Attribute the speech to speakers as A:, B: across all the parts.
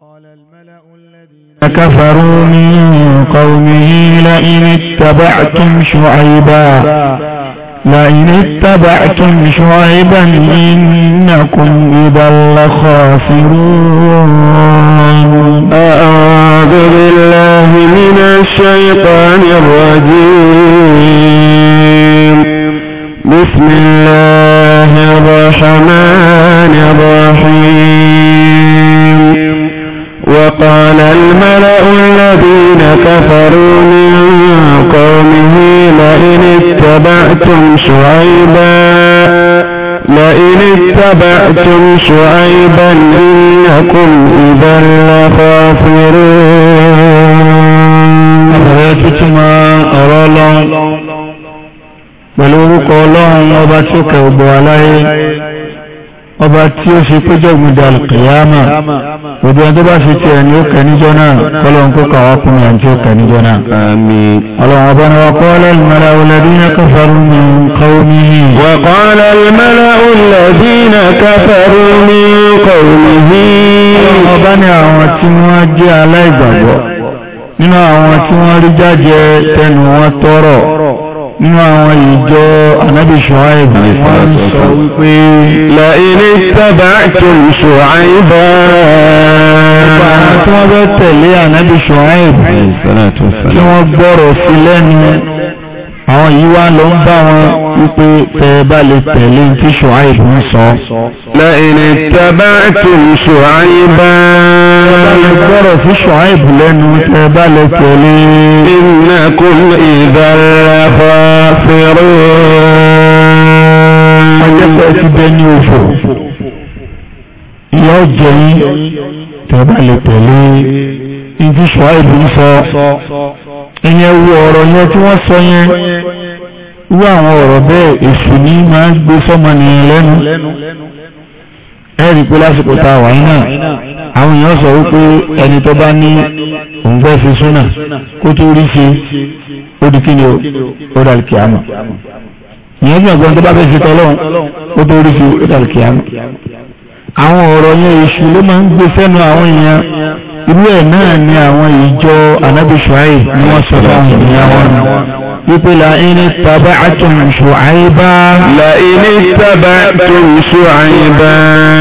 A: قال الملأ الذين كفروا من قومه لئن اتبعتم شعيبا لئن اتبعتم شعيبا إنكم إذا لخاسرون أعوذ بالله من الشيطان الرجيم
B: اتبعتم شعيبا إنكم إذا لخاسرون أخرجتما أرالا
A: pẹ̀lú orúkọ ọlọ́run ọba tí ó kẹ ọgbọ̀ aláyé ọba tí ó ṣe péjọ gbùdà alkìyàmà gbogbo ẹni tó bá ṣe tiẹ̀ ni ó kẹ́ níjọ́ náà kọ́lọ́n kó kàwá kún ní àjọ kẹ́ níjọ́ náà. àmín. ọlọ́run ọba ni wọ́n kọ́ lẹ́lùmọ́lá olùdíná káfàrú ní kọ́ọ̀mí. wọ́n kọ́ lẹ́lùmọ́lá olùdíná nínú àwọn tí wọ́n rí jáde tẹnu wọn sọ wípé la ilé tábà tó ṣọ́áìbà tí wọ́n bẹ́ tẹ̀lé ànábì ṣùháìb
B: tí wọ́n gbọ́rọ̀ sí lẹ́nu
A: àwọn yìí wá lọ ń bá wọn wípé tẹ́ bá lè tẹ̀lé tí ṣùháìb ń sọ. lẹ́yìn tẹ́bá tó ń ṣùháìbá. tẹ́bá lè gbọ́rọ̀ sí ṣùháìb ọjọ́ ti bẹ ní òfò ìyá ọ̀jẹ̀ yìí tẹ́bá lè tẹ̀lé ibi ṣọ́ìbù ń sọ ìyẹn wo ọ̀rọ̀ yẹn tí wọ́n sọ yẹn wú àwọn ọ̀rọ̀ bẹ́ẹ̀ èṣù ní máa ń gbé sọ́mọnìyàn lẹ́nu ẹ̀rí pé lásìkò tá a wà yín náà àwọn èèyàn sọ wípé ẹni tó bá ní òǹgbẹ́ fi súnà kó tó rí ṣe ó di kí ni ó dàlù kìámà ìyẹn gbọ́n tó bá fẹ́ ṣe tọ́lọ́run
B: ó tó rí ṣe ó dàlù kìámà
A: àwọn ọ̀rọ̀ yẹn èṣù ló máa ń gbé sẹ́nu àwọn èèyàn irú ẹ̀ náà ni àwọn ìjọ ànábì ṣùáì ni wọ́n sọ fún àwọn ènìyàn wọn wípé làínì tàbá àtún ṣùáìbá làínì tàbá àtún ṣùáìbá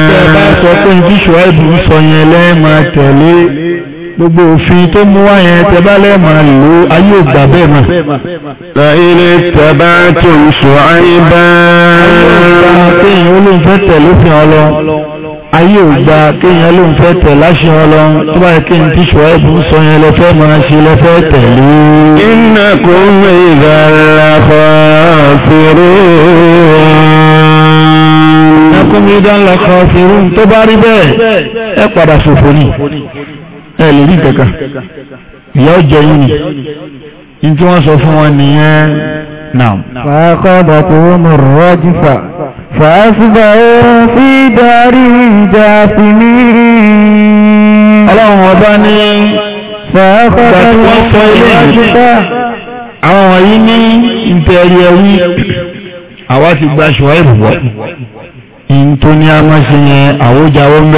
A: tẹ́ bá sọ pé ní ṣùáìbù ń sọ yẹn lẹ́ẹ̀mà tẹ̀lé gbogbo òfin tó mú wá yẹn tẹ lẹ́ẹ̀mà lò ayé ògbà bẹ́ẹ̀ mà. làínì tàbá àtún ṣùáìbá ayé ògbà pé ìyẹn olóńfẹ́ tẹ̀lé fi hàn lọ ayé ò gba kéèyàn ló ń fẹ́ tẹ̀ láṣẹ ọlọ́run tó bá yẹ kí n tí ṣọ́ ẹ̀bùn sọ yẹn lọ́fẹ́ máa ṣe lọ́fẹ́ tẹ̀lé. iná kò ń ìgbà làkọ̀ fèrè.
B: ẹkùnmídá làkọ̀ fèrè tó bá rí bẹ́ẹ̀ ẹ padà ṣòfò ni
A: ẹ lè rí kankan ìyá ọjọ́ yìí ni ní tí wọ́n sọ fún wọn nìyẹn náà. fàákọ́ bàtò wọn rọ́ọ̀jì
B: fà. فأصبحوا في دارهم جاثمين اللهم وبني فأخذ الوصيات àwọn wọ̀nyí ní ìtẹ̀rí ẹ̀wí
A: àwa ti gba ṣùgbọ́n ìbùbọ̀ ìntòní a yẹn àwójáwọ́ ń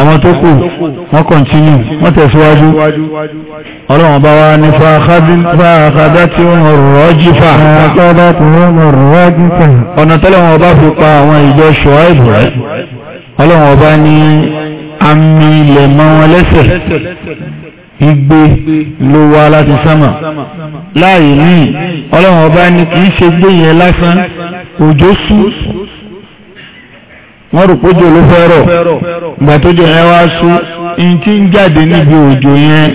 A: àwọn tó kù wọ́n kọ̀ntínú wọ́n tẹ̀síwájú ọlọ́run bá wá ní fàákàdá tí ó mọ̀ rọ́jífà ọ̀nà tọ́lọ́run ọba fi pa àwọn ìjọ ṣọ́á ìbò rẹ̀ ọlọ́run ọba ní àmì ilẹ̀ mọ́ wọn lẹ́sẹ̀ igbe ló wá láti sámà láàyè ní ọlọ́run ọba ní kìí ṣe gbé yẹn lásán òjò sú wọ́n rò pójò ló fẹ́rọ̀
B: ìgbà tójò yẹn wá sú in tí ń jáde níbi òjò yẹn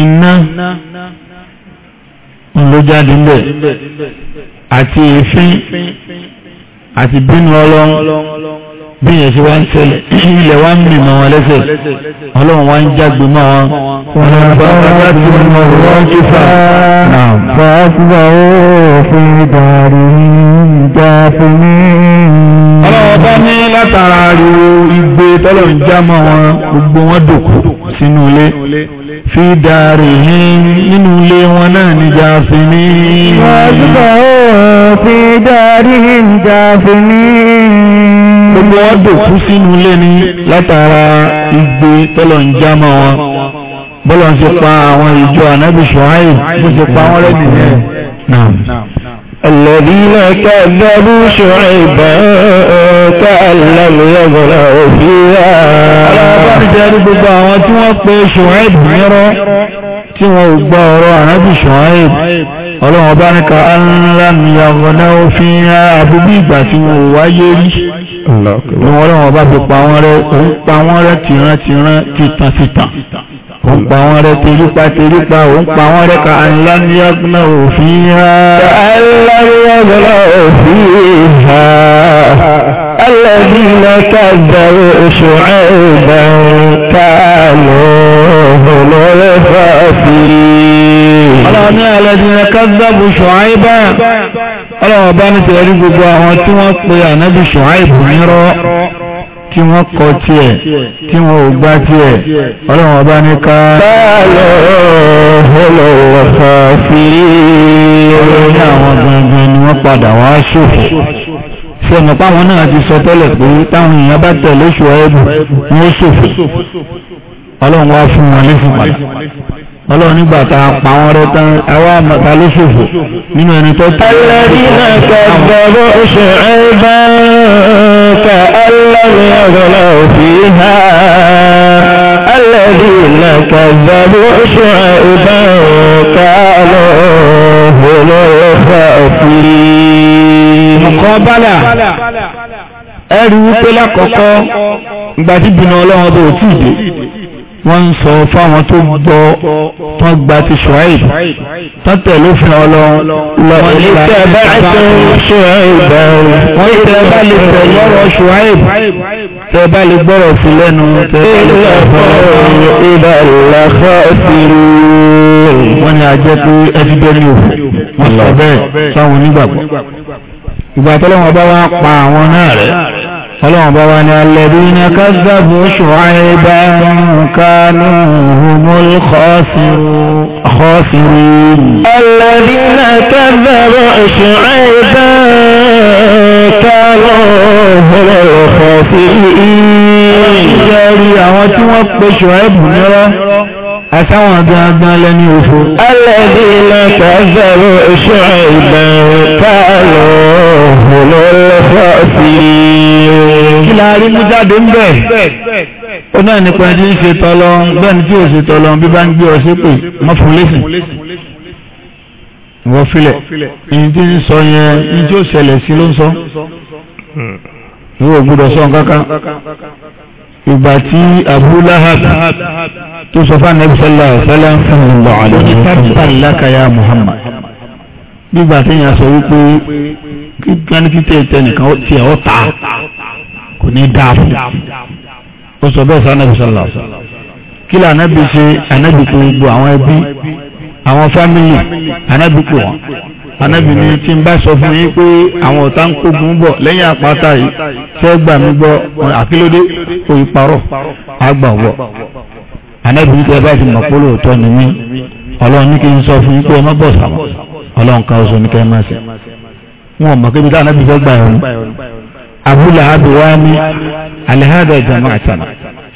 A: iná ló jáde ńbẹ̀ àti èéfín àti bínú ọlọ́run bí yẹn ṣe wá ń ṣẹlẹ̀ ilẹ̀ wá ń mì mọ́ wọn lẹ́sẹ̀ ọlọ́run wá ń jágbe mọ́ wọn. wọn bá wá ti mọ
B: rọ́ọ̀kì fà
A: náà. fàásùbà ó fi dàrí ìjà fún mi ọlọ́wọ́ bá ní látara ariwo igbe tọ́lọ̀ ń já mọ́ wọn gbogbo wọn dòkú sínú ilé fi dàrí nínú ilé wọn náà ní jàfínì. wàásùpọ̀ ó fi dàrí jàfínì. gbogbo wọn dòkú sínú ilé ní látara igbe tọ́lọ̀ ń já mọ́ wọn
B: bọ́lọ̀ ń ṣe pa àwọn ìjọ
A: ànábì Ṣuaib bó ṣe pa wọ́n rẹ́
B: nìyẹn.
A: الذين كذبوا شعيبا كأن لم يغنوا فيها ألا gbogbo àwọn tí wọ́n pe ṣùháìb nírọ́ tí wọ́n gbọ́ ọ̀rọ̀ ànábì ṣùháìb ọlọ́wọ́n bá ní ka aláàmìyàwọ̀ná òfin àbúbí ìgbà tí wọ́n wáyé rí ni wọ́n lọ́wọ́n bá fi pa wọ́n rẹ́ tìrán tìrán títàn títàn ó ń pa wọ́n rẹ́ terípa terípa ó ń pa wọ́n rẹ́ ka aláníyàgbọ́nà òfin ha aláníyàgbọ́nà òfin ha الذين كذبوا شعيبا كانوا هم الخاسرين ọlọ́ni alẹ́dìnà kazzabu ṣùháìbá ọlọ́ọ̀bá ní tẹ̀rí gbogbo àwọn tí wọ́n pe ànábì ṣùháìbù nírọ́ tí wọ́n kọ tiẹ̀ tí wọ́n ò gbá tiẹ̀ ọlọ́run ọba ní ká. báàlọ́ ọlọ́wọ́fà fi olórí àwọn gbọ̀ngàn ni wọ́n padà wá ṣòfò ṣe ọ̀nà páwọn náà ti sọ tẹ́lẹ̀ pé táwọn èèyàn bá tẹ̀lé ṣùgbọ́n ẹ̀bù wọ́n ṣòfò ọlọ́run wá fún wọn lẹ́fún padà ọlọ́run nígbà tá a pa wọn rẹ tán àwa mọ̀ta ló ṣòfò nínú ẹni tó tó. alẹ́rìnà
B: kọ̀dọ̀rọ̀ oṣù ẹ̀bá ka alẹ́rìnà ọ̀gọ́lá òfin ha
A: alẹ́rìnà ọlọ́run tó ò wọ́n ń sọ fáwọn tó gbọ́ tó gba ti ṣùáì tó tẹ̀lé òfin ọlọ́run wọ́n ní tẹ́ bá tún ṣùáì bẹ̀rù wọ́n ní tẹ́ bá lè tẹ̀ lọ́rọ̀ ṣùáì tẹ́ bá lè gbọ́rọ̀ sí lẹ́nu tẹ́ bá lè gbọ́rọ̀ ìdá ìlàkọ́ ìfìrú wọ́n pé ẹbí bẹ́ẹ̀ ni òfin wọ́n sọ bẹ́ẹ̀ sáwọn onígbàgbọ́ ìgbà tọ́lọ́wọ́n bá wá pa àwọn náà rẹ̀ فلعب وانا الذين كذبوا شعيبا كانوا هم الخاسرين الذين كذبوا شعيبا كانوا هم الخاسرين الذين كذبوا شعيبا كانوا هم الخاسرين kí la rí mú jáde ń bẹ̀
B: ó náà nípa ẹni tí ń ṣe tọ́lọ bẹ́ẹ̀ni tí ò ṣe tọ́lọ bí bá ń gbé ọ sípò mọ́ fún lẹ́sìn
A: wọ́n filẹ̀ ìyí tí ń sọ yẹn ìyí tí ó ṣẹlẹ̀ sí ló ń sọ ìwọ gbọ́dọ̀ sọ kankan ìgbà tí Abu Lahab tó sọ fún anabi sallallahu alaihi wasallam fún ìlọ àlẹ tabban laka ya Muhammad
B: nígbà tí yẹn sọ wípé kí gbani títẹ̀ tẹ nìkan tí ẹ̀ ọ́ ta kò ní dáa fún
A: ó sọ bẹ́ẹ̀ sọ kí lè anabi ṣe anabi kò gbogbo àwọn ẹbí àwọn fámìlì anabi kò wọn anabi ni tí n bá sọ fún yín pé àwọn ọ̀tá ń kógun bọ̀ lẹ́yìn àpáta yìí fẹ́ gbà mí gbọ́ àkílódé kò ì parọ́ àgbà wọ̀
B: anabi ní tí ẹ bá ti mọ̀ pólò tọ́ ni mí ọlọ́run ní kí n sọ fún yín pé ẹ má bọ̀ sàmọ́ ọlọ́run kan oṣù ní kẹ́ má ṣe
A: wọn ò mọ̀ kébi tí anabi fẹ́ gbà yẹn
B: abúlàhàbí wá ní
A: alihada jama'atana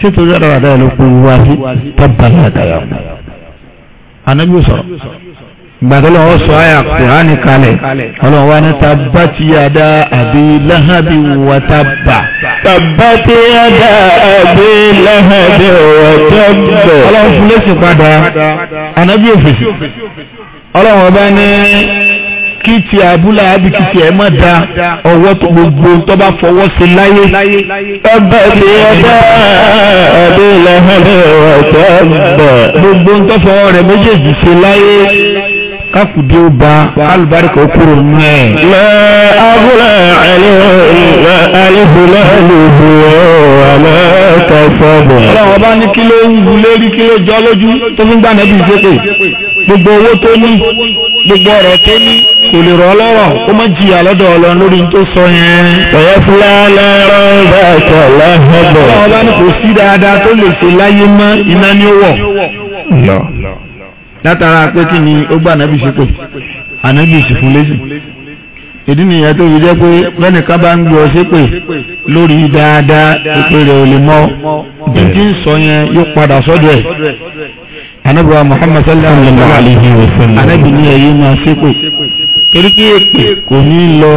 A: ṣé tó yára wà dáyà ló kú wá sí tábàlá àdáyà kù anábíyó sọ̀rọ̀
B: gbàdọ́lọ́ ọ sọ àyà kùránì kalẹ̀ ọlọ́run wa ní tabbat
A: yada abi lahabi wa tabba. tabbat yada abi lahabi wa tabba. ọlọ́run fún lẹ́sìn padà anábíyó fèsì ọlọ́run ọba ní kí ti abúlé àbí kí ti ẹ̀ má da ọwọ́ tó gbogbo tó bá fọwọ́ sí láyé. ọba ti ọba abúlé ọ̀tọ̀ bọ̀. gbogbo tó fọwọ́ rẹ̀ méjèèjì sí láyé kakudi o ba alibarika o kuro nù ẹ. mẹ abúlé alẹ́ alihulẹ́ alihulẹ́ ọ̀nà kẹfọ́ bọ̀. ọlọ́run ọba ní kí ló ń wulé rí kí ló jọ lójú tó fi ń gbà nẹ́bí
B: gbogbo owó tó ní gbogbo
A: ọ̀rọ̀ tó ní kò lè rọ lọ́rọ̀ ó má jìyà lọ́dọ̀ Ọlọ́run lórí tó sọ yẹn. ọ̀yẹ́ fúlá lọ́rọ̀ bá ọ̀tọ̀ lọ́hẹ́bọ̀. ọba ní kò sí dáadáa tó lè ṣe láyé mọ́ iná ní
B: ó
A: látara pé kí ni ó gbà nábì ṣe pé ànábì sì fún lẹ́sìn ìdí nìyẹn tó fi jẹ́ pé bẹ́ẹ̀ni ká bá ń gbọ́ ṣépè lórí dáadáa ìpè rẹ̀ ò lè mọ́ ìdí ń sọ yẹn yóò padà sọ́dọ̀
B: ẹ̀
A: anábíwá Muhammad sallallahu alayhi wa sallam anábì ní ẹ̀yí máa ṣépè torí kí èpè kò ní lọ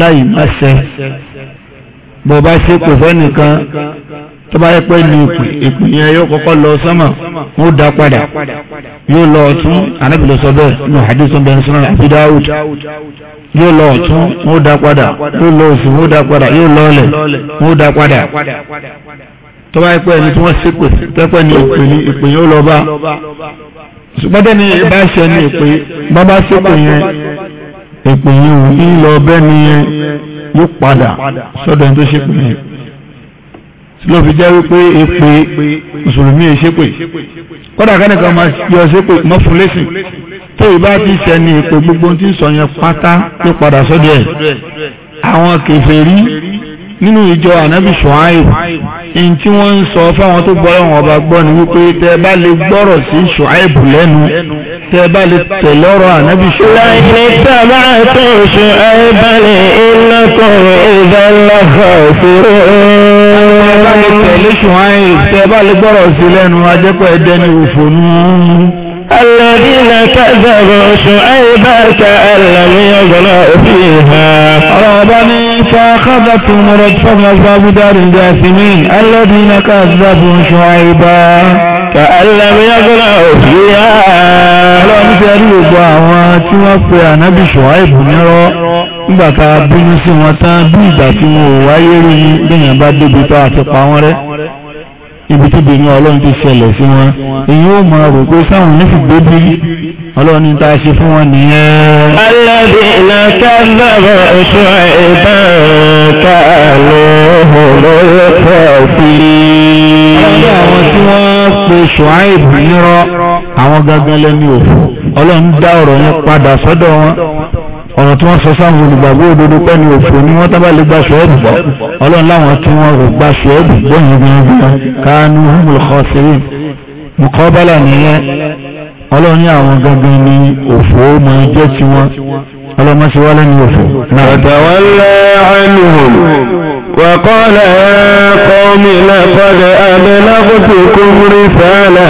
A: láì má ṣẹ
B: bó bá ṣépè fẹ́nìkan tó bá yẹ pé ní ìpè ìpè yẹn yóò kọ́kọ́ lọ sọ́mà ó dá padà
A: yóò lọ ọ̀tún anábì lọ sọ bẹ́ẹ̀ nù hadith tó ń bẹ̀rẹ̀ sọ́nà àbí Dáwùd
B: yóò lọ ọ̀tún ó dá padà yóò
A: lọ òsì ó dá padà yóò lọ
B: ọ̀lẹ̀ ó
A: tó bá pẹ́ ẹni tí wọ́n ṣépè tẹ́pẹ́ ni òpè ni ìpè yóò lọ bá ṣùgbọ́n ni, bá ṣẹ ni ìpè bá bá ṣépè yẹn ìpè yẹn ò ní lọ bẹ́ẹ̀ ni
B: yóò padà sọ́dọ̀ ẹni tó ṣépè yẹn
A: ló fi jẹ́ wípé èpè mùsùlùmí èṣépè kọ́dà kẹ́nìkan máa yọ ṣépè mọ́ fún lẹ́sìn tó ìbá ti ṣẹ ni ìpè gbogbo tí sọ yẹn pátá yóò padà sọ́dọ̀ ẹ̀ àwọn kèfèrí nínú ìjọ ànábì ṣùháìb in tí wọ́n ń sọ fáwọn tó gbọ́ ọ̀hún ọba gbọ́ ni wípé tẹ bá lè gbọ́rọ̀ sí ṣùháìb lẹ́nu tẹ bá lè tẹ̀lé ọ̀rọ̀ ànábì ṣùháìb. láìní sábà tó ṣùháìb lè iná kan ìdánlọ́kọ̀ òfurú. tẹ bá lè gbọ́rọ̀ sí lẹ́nu ajẹ́pẹ́ òfò nù. الذين كذبوا شعيبا كأن لم يغنوا فيها ربني فأخذتهم رجفة عذاب دار الجاثمين الذين كذبوا شعيبا كأن لم يغنوا فيها ọlọ́run ti rí gbogbo àwọn tí wọ́n pe ànábì ṣùháìbù nírọ́ nígbà tá a bínú sí wọn tán bí ìgbà tí wọn ò wáyé rí ní bí yẹn bá débi tó àti pa wọn rẹ́ ibi tí bèèrè ọlọ́run ti ṣẹlẹ̀ sí wọn èyí ó máa rò pé sáwọn onífì gbébí ọlọ́run ta ṣe fún wọn nìyẹn. alábi iná kábàbọ̀ oṣù ìbọn ká ló lóyè ọlọ́run àwọn tí wọ́n pe ṣùáì nírọ́ àwọn gangan lẹ́nu òfò ọlọ́run dá ọ̀rọ̀ yẹn padà sọ́dọ̀ wọn ọ̀rọ̀ tí wọ́n sọ sáwọn olùgbàgbọ́ òdodo pẹ́ ní òfò ní wọ́n tábà lè gba ṣọ́ọ̀bù bọ́ ọlọ́run láwọn tí wọ́n rò gba ṣọ́ọ̀bù gbọ́yìn gbọ́yìn káánú humul khasirin mùkọ́bálà nìyẹn ọlọ́run ní àwọn gangan ní òfò mọ ẹjẹ́ tí wọ́n ọlọ́run má ṣe wá òfò.
B: ọ̀dàwálẹ̀ àìlùhùn وقال يا قوم لقد
A: أبلغتكم رسالة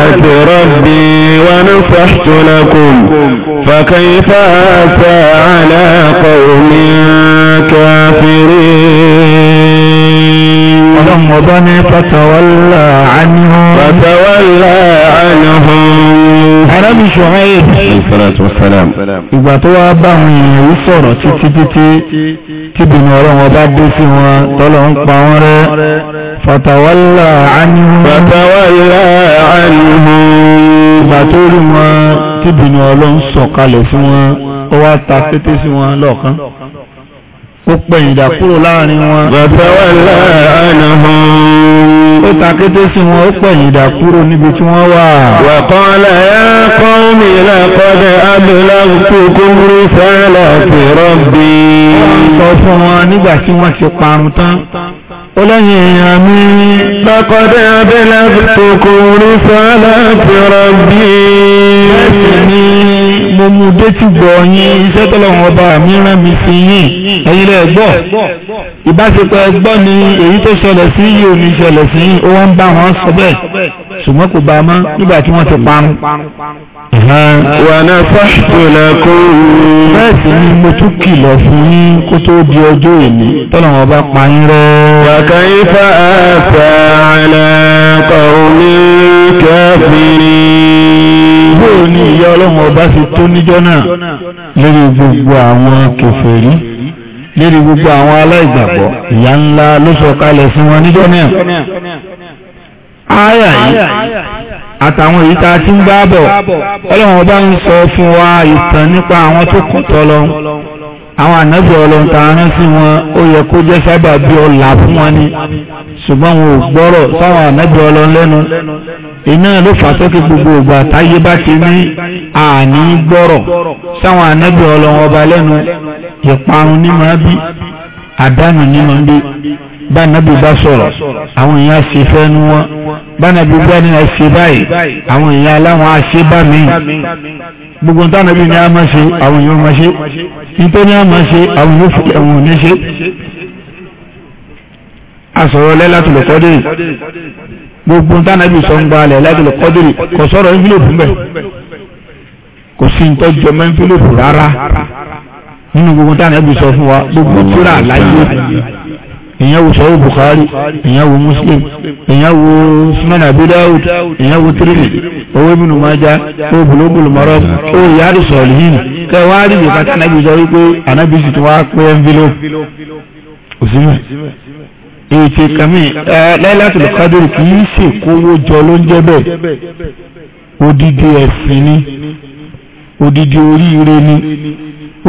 A: ربي ونصحت لكم فكيف أتى على قوم كافرين رمضان فتولى عنهم فتولى عنهم Arábì Ṣuaib. Ìgbà tó wá bá àwọn èèyàn yìí sọ̀rọ̀ títí títí tí bìnú ọ̀rọ̀ wọn dé sí wọn tọ́lọ̀ ń pa wọ́n rẹ́. Fatawalla anhum. Fatawalla anhum. Ìgbà tó rí wọn tíbìnú ọlọ́run sọ̀kalẹ̀ fún wọn ó wá ta kété sí wọn lọ́ọ̀kan ó pẹ̀yìn dà kúrò láàrin wọn. bàtàwálà ànàhùn. ó ta kété sí wọn ó pẹ̀yìn dà kúrò níbi tí wọ́n wà. wa qala ya qawmi laqad ablaghtukum risalati rabbi. wọ́n sọ fún wọn nígbà tí wọ́n ti parun tán olóyìn èèyàn لقد lọ́kọ́dẹ́ abẹ́lẹ́ tó kò rí sọ́lá ti rọ̀bí ní mo mú dé ti gbọ́ yín iṣẹ́ tọ́lọ̀wọ̀n ọba mi rán mi sí yín ẹ̀yin lẹ́ gbọ́ ìbáṣepọ̀ ẹgbọ́ ni èyí tó ṣẹlẹ̀ sí yìí ò ní sí yìí ó wọ́n bá wọn sọ bẹ́ẹ̀
B: ṣùgbọ́n kò bá a mọ́ nígbà tí wọ́n ti parun
A: ونفحت لكم bẹ́ẹ̀sì ni mo tún وكيف آسى على قوم كافرين. ni ọba si tó níjọ́ náà gbogbo awọn kèfèrí lórí gbogbo àwọn aláìgbàgbọ́ ìyà ńlá ló sọ̀kalẹ̀
B: àtàwọn èyí tá a ti ń bá bọ̀ ọlọ́run ọba ń sọ fún wa ìtàn nípa àwọn tó kọ̀ tọ́ lọ àwọn ànábì ọlọ́run tá a
A: rán sí wọn ó yẹ kó jẹ́ sábà bí ọlà fún wọn ni ṣùgbọ́n wọn ò gbọ́rọ̀ sáwọn ànábì ọlọ́run lẹ́nu
B: iná ló fà sókè gbogbo ìgbà táyé bá ti ní àní gbọ́rọ̀ sáwọn ànábì ọlọ́run ọba lẹ́nu
A: ìparun ní máa bí àdánù ní máa bí bánabi bá sọ̀rọ̀
B: àwọn èèyàn ṣe fẹ́ nu wọn bánabi bá ní ẹṣẹ báyìí àwọn
A: èèyàn aláwọn àṣẹ bá mi gbogbo tánabi ní a máa ṣe àwọn èèyàn máa ṣe nítorí a máa ṣe àwọn yóò fi ẹ̀wọ̀n ní ṣe. àsọ̀rọ̀ Lailatul Qadr
B: gbogbo tánabi sọ ń gbalẹ̀ Lailatul Qadr kò sọ̀rọ̀ envelope mbẹ̀
A: kò sí ntọ́jọ́ mọ́ envelope rárá nínú gbogbo tánabi sọ fún wa gbogbo tíra láyé ìyẹn wo sọ́wọ́ Bukhari ìyẹn wo Muslim ìyẹn wo Sunan Abi Dawud ìyẹn wo Tirmidhi owó ibùnú májá owó bulogulu mọ́rọ́ owó ìyáàrí sọ̀rọ̀ yìí kẹwàárí lè kàtà anábì sọ wípé anábì sì ti wá pé envelope òsínmẹ̀ ètè kàmí Lailatul Qadr kì í ṣe kówó jọ ló ń jẹ́ bẹ́ẹ̀
B: odidi ẹ̀sìn ni
A: odidi oríire ni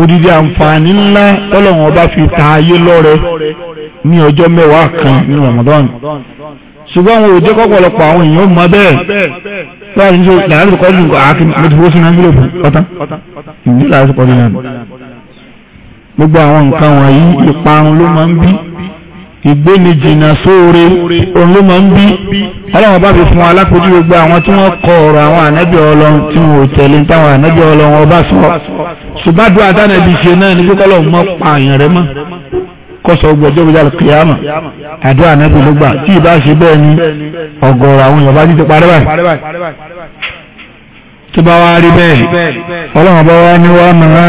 A: odidi àǹfààní ńlá tọ́lọ́wọ́n bá fi ta ayé lọ́rẹ
B: ní ọjọ́ mẹ́wàá kan nínú Ramadan ṣùgbọ́n àwọn òjò kọ́pọ̀lọpọ̀ àwọn èèyàn mọ bẹ́ẹ̀ láti ṣe làásù kọ́ nínú àákí mo ti fó sínú ángílòbù pátá ìdí làásù kọ́ nínú àná
A: gbogbo àwọn nǹkan wọ̀nyí ìparun ló máa ń bí ìgbénijìnà sóore òun ló máa ń bí ọlọ́run bá fi fún wa lápòjú gbogbo àwọn tí wọ́n kọ ọ̀rọ̀ àwọn ànábì ọlọ́run tí wọ́n ò tẹ̀lé táwọn ànábì ọlọ́run ọba sọ ṣùgbádùn àtànàbí ṣe náà ní kíkọ́ lọ́run kọ́sọ̀ ogun ọjọ́ ìjà kìyàmà
B: àdúrà nẹ́bí ló gbà tí ìbá ṣe bẹ́ẹ̀ ni ọ̀gọ̀ọ̀rọ̀ àwọn yorùbá ti ti parí báyìí
A: tó bá wá rí bẹ́ẹ̀ ọlọ́run bá wá ní wá mọ̀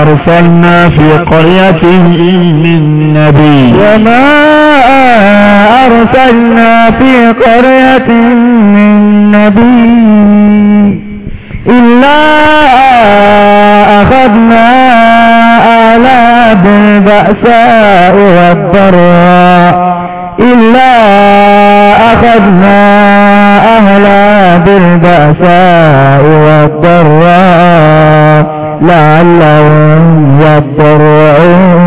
A: àrùfánná fi qaryatin min nabi wa ma àrùfánná fi qaryatin min nabi illa
B: البأساء والضراء إلا
A: أخذنا أهلا بالبأساء والضراء لعلهم يضرعون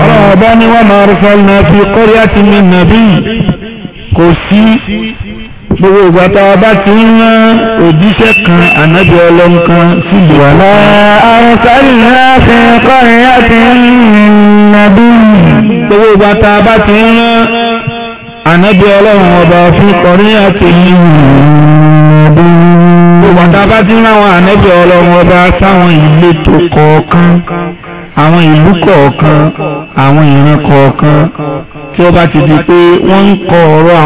A: رابا وما أرسلنا في قرية من نبي كسي gbogbo ìgbà tá a bá ti ń rán òjíṣẹ́ kan nabi gbogbo ìgbà a bá ti ń rán ànábì ọlọ́run ọba fún kọrí àti ìlú gbogbo tá bá ti rán àwọn ọlọ́run ọba sáwọn ìletò kọ̀ọ̀kan àwọn ìlú kọ̀ọ̀kan àwọn ìran kọ̀ọ̀kan tí ó bá ti di pé wọ́n ń kọ ọ̀rọ̀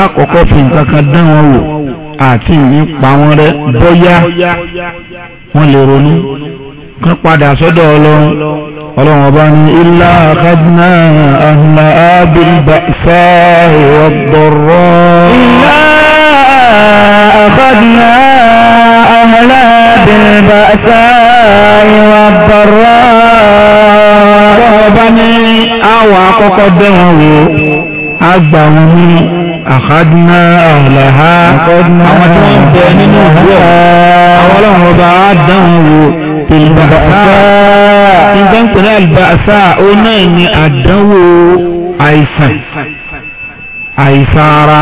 A: àwọn fi nǹkan kan wọn wò àti wọn rẹ lè ronú kán رضني إلا أخذنا أهلاء بالبأساء والضراء إلا
B: أخذنا أهلاء بالبأساء والضراء
A: رضني أواق قدره أجبني أخذنا أهلها أخذنا أهلها أولا هو àṣà òun náà ni àdánwò àìsàn àìsàn ara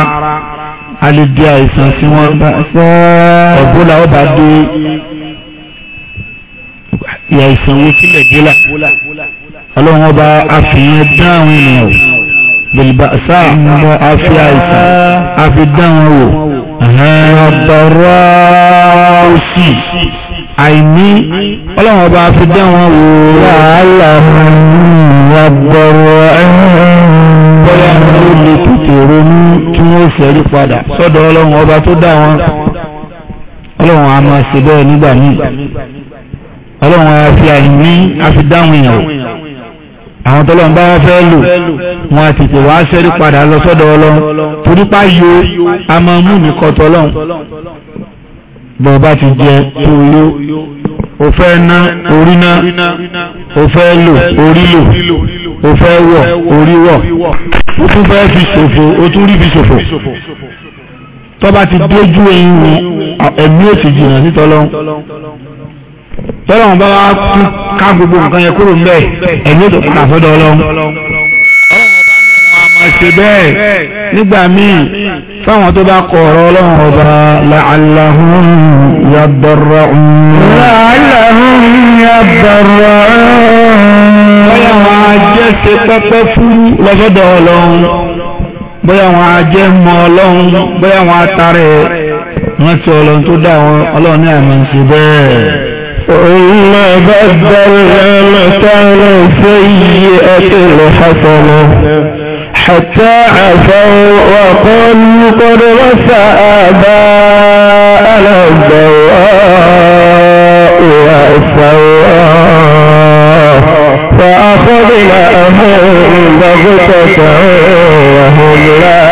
A: a lè di àìsàn sí wọn ọ̀bọ́là ọba dé ìyà àìsàn wo sílẹ̀ délà ọlọ́run ọba àfihàn dán àwọn ènìyàn wò bilbasa àfi àìsàn àfi dán wọn wò ọ̀bọ̀rọ̀ òsì àìní ọlọ́run ọba fi dán wọn wò bóyá ló
B: lè tètè ronú kí
A: wọ́n ṣẹ́rí padà sọ́dọ̀ ọlọ́run ọba tó dá wọn ọlọ́run a máa ṣe bẹ́ẹ̀ nígbà míì ọlọ́run a fi àìní a fi dáhùn èèyàn àwọn tọ́lọ́run bá wọ́n fẹ́ lò wọn a tètè wá ṣẹ́rí padà lọ sọ́dọ̀ ọlọ́run torípa yo a máa mú nìkan tọ́lọ́run bọ̀ ti jẹ tó yó o fẹ́ ná orí
B: ná o fẹ́ lò orí lò o fẹ́ wọ̀ orí wọ̀
A: o tún fẹ́ fi ṣòfò o tún rí fi ṣòfò tọ́ba ti dójú ẹyin ni ẹ̀mí ò sì jìnnà sí tọ́lọ́hún tọ́lọ́hún bá wá ká gbogbo nǹkan yẹn kúrò ńbẹ̀ ẹ̀mí ò sì padà sọ́dọ̀ ọlọ́hún. ọlọ́run ọba ní wọn a ṣe bẹ́ẹ̀ nígbà míì fáwọn tó bá kọ ọ̀rọ̀ ọlọ́run ọba la'allahum yadarra'un la'allahum yadarra'un bóyá wọn á jẹ́ ṣe pẹ́pẹ́ fúrú lọ́sọ́dọ̀ ọlọ́run bóyá wọn á jẹ́ tarẹ̀ wọn ti ọlọ́run tó dá wọn ọlọ́run ní àmì ṣe bẹ́ẹ̀ وإما بدلنا مكان سيئة الحسنة حتى عفوا
B: وقالوا قد رس آباءنا الضواء والسواء
A: فأخذناهم بغتة وهم لا